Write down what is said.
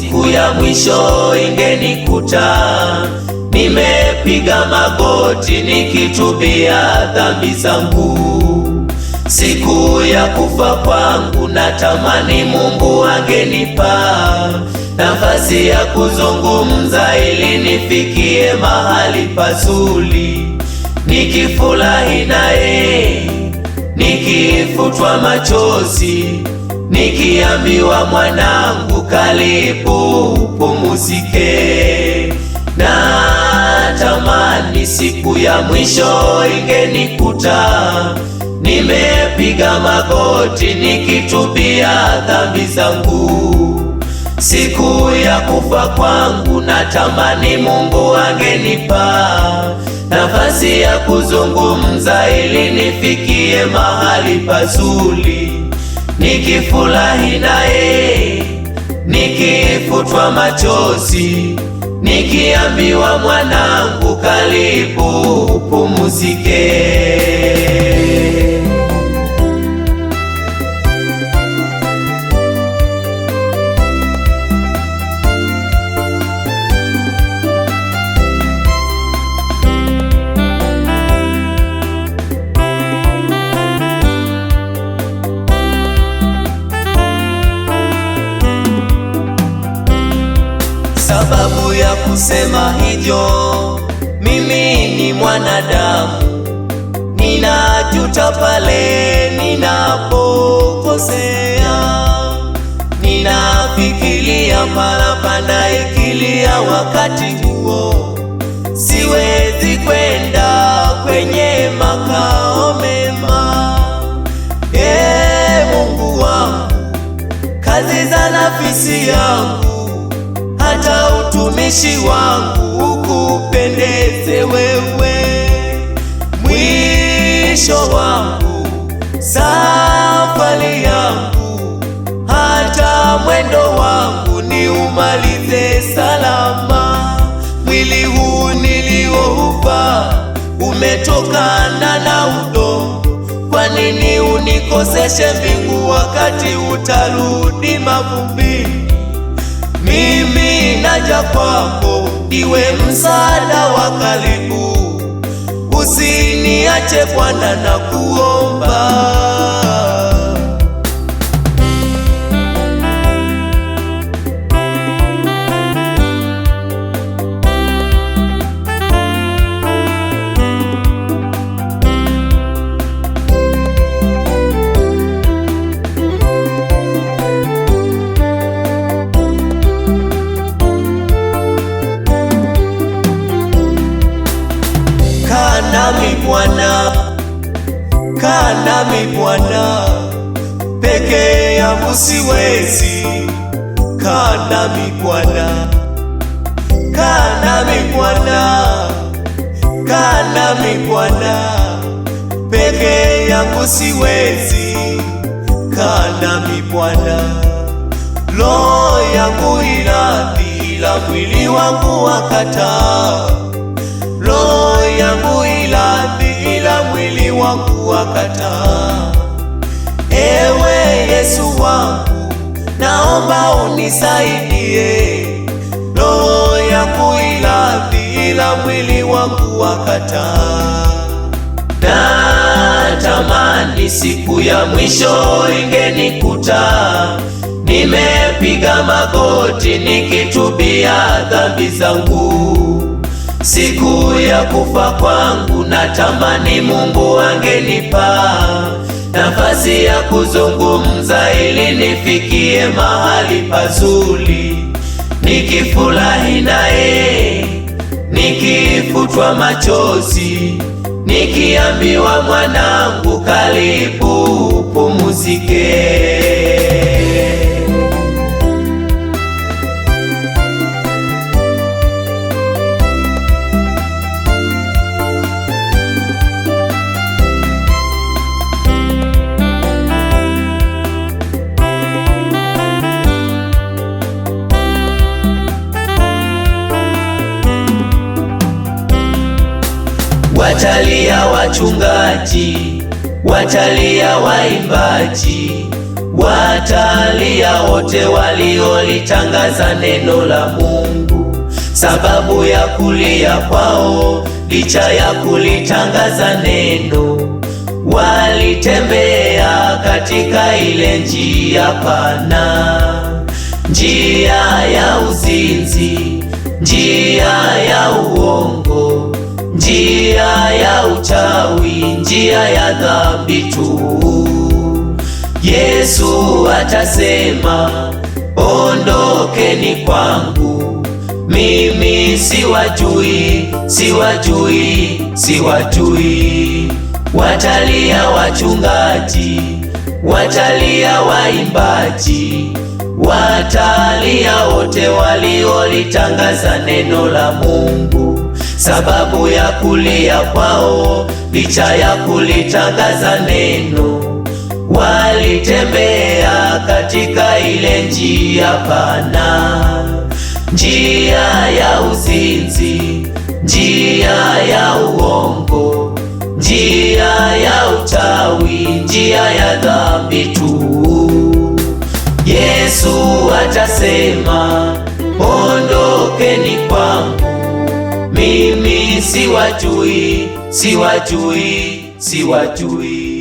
siku ya mwisho ingenikuta nimepiga magoti nikitubia dhambi zangu, siku ya kufa kwangu natamani Mungu angenipa nafasi ya kuzungumza ili nifikie mahali pazuri, nikifurahi naye nikifutwa machozi nikiambiwa mwanangu, kalipo upumzike, na tamani siku ya mwisho ingenikuta nimepiga magoti nikitubia dhambi zangu siku ya kufa kwangu, natamani Mungu angenipa nafasi ya kuzungumza ili nifikie mahali pazuri nikifurahi naye, nikifutwa machozi, nikiambiwa mwanangu, karibu pumzike. sababu ya kusema hivyo. Mimi ni mwanadamu, ninajuta pale ninapokosea, ninafikiria mara ikilia wakati huo siwezi kwenda kwenye makao mema. Ee Mungu wangu, kazi za nafisi yangu utumishi wangu ukupendeze wewe, mwisho wangu, safari yangu, hata mwendo wangu niumalize salama. Mwili huu nilioupa umetokana na udongo, kwa nini unikoseshe mbingu wakati utarudi mavumbi? mimi naja kwako, ndiwe msaada wa karibu, usiniache Bwana na kuomba Kaa nami Bwana, peke yangu siwezi. Kaa nami Bwana, kaa nami Bwana, kaa nami Bwana, peke yangu siwezi. Kaa nami Bwana, roho yangu ina ila mwili wangu wakataa naomba unisaidie roho ya kuilahi, ila mwili wangu wakataa. Natamani siku ya mwisho ingenikuta, nimepiga magoti nikitubia dhambi zangu siku ya kufa kwangu, natamani Mungu angenipa nafasi ya kuzungumza ili nifikie mahali pazuri, nikifurahi naye, nikifutwa machozi, nikiambiwa mwanangu, karibu pumzike. watalia wachungaji, watalia waimbaji, watalia wote waliolitangaza neno la Mungu. Sababu ya kulia kwao, licha ya kulitangaza neno, walitembea katika ile njia pana, njia ya uzinzi, njia ya uongo njia ya uchawi, njia ya dhambi tu. Yesu atasema ondokeni kwangu, mimi siwajui, siwajui, siwajui. Watalia wachungaji, watalia waimbaji, watalia wote waliolitangaza neno la Mungu sababu ya kulia kwao, licha ya kulitangaza neno. Walitembea katika ile njia pana, njia ya uzinzi, njia ya uongo, njia ya utawi, njia ya dhambi tu. Yesu atasema siwajui, siwajui, siwajui.